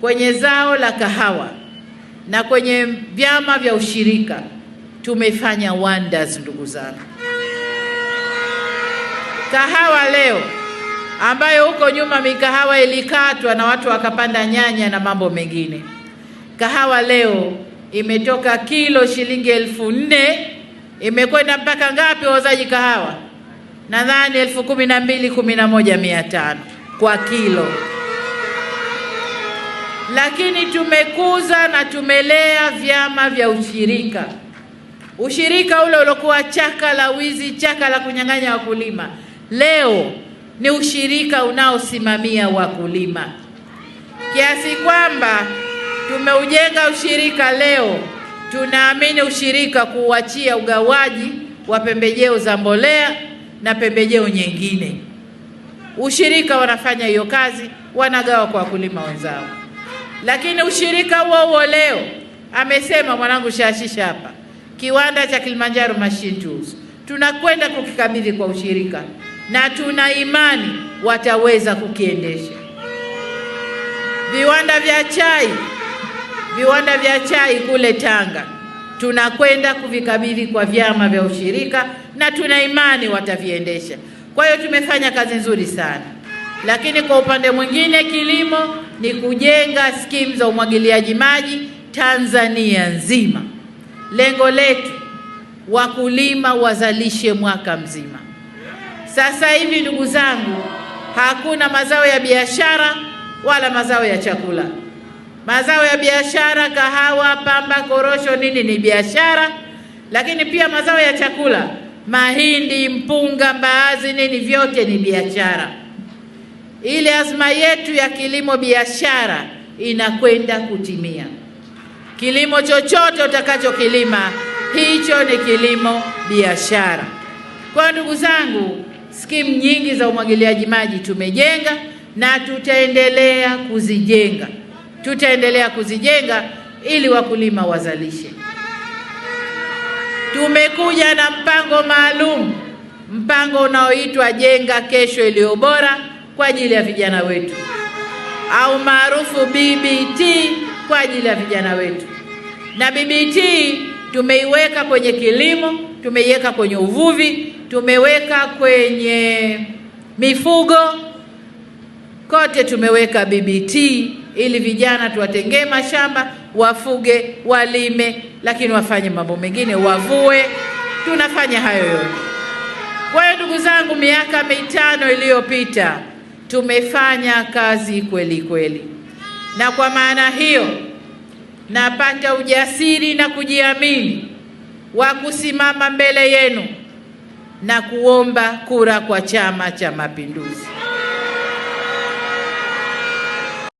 kwenye zao la kahawa na kwenye vyama vya ushirika tumefanya wonders, ndugu zangu. Kahawa leo ambayo huko nyuma mikahawa ilikatwa na watu wakapanda nyanya na mambo mengine, kahawa leo imetoka kilo shilingi elfu nne imekwenda mpaka ngapi, wauzaji kahawa? Nadhani elfu kumi na mbili kumi na moja mia tano kwa kilo lakini tumekuza na tumelea vyama vya ushirika, ushirika ule uliokuwa chaka la wizi, chaka la kunyang'anya wakulima, leo ni ushirika unaosimamia wakulima, kiasi kwamba tumeujenga ushirika leo. Tunaamini ushirika kuuachia ugawaji wa pembejeo za mbolea na pembejeo nyingine. Ushirika wanafanya hiyo kazi, wanagawa kwa wakulima wenzao. Lakini ushirika huo huo leo amesema mwanangu Shashisha hapa, kiwanda cha Kilimanjaro Machine Tools tunakwenda kukikabidhi kwa ushirika na tuna imani wataweza kukiendesha. Viwanda vya chai, viwanda vya chai kule Tanga tunakwenda kuvikabidhi kwa vyama vya ushirika na tuna imani wataviendesha. Kwa hiyo tumefanya kazi nzuri sana, lakini kwa upande mwingine kilimo ni kujenga skimu za umwagiliaji maji Tanzania nzima. Lengo letu wakulima wazalishe mwaka mzima. Sasa hivi, ndugu zangu, hakuna mazao ya biashara wala mazao ya chakula. Mazao ya biashara kahawa, pamba, korosho, nini ni biashara, lakini pia mazao ya chakula mahindi, mpunga, mbaazi, nini vyote ni biashara ile azma yetu ya kilimo biashara inakwenda kutimia. Kilimo chochote utakachokilima hicho ni kilimo biashara. Kwa ndugu zangu, skimu nyingi za umwagiliaji maji tumejenga na tutaendelea kuzijenga, tutaendelea kuzijenga ili wakulima wazalishe. Tumekuja na mpango maalum, mpango unaoitwa Jenga Kesho Iliyo Bora kwa ajili ya vijana wetu au maarufu BBT kwa ajili ya vijana wetu. Na BBT tumeiweka kwenye kilimo, tumeiweka kwenye uvuvi, tumeweka kwenye mifugo, kote tumeweka BBT ili vijana tuwatengee mashamba, wafuge, walime, lakini wafanye mambo mengine, wavue. Tunafanya hayo yote. Kwa hiyo ndugu zangu, miaka mitano iliyopita tumefanya kazi kweli kweli, na kwa maana hiyo napata ujasiri na kujiamini wa kusimama mbele yenu na kuomba kura kwa Chama cha Mapinduzi.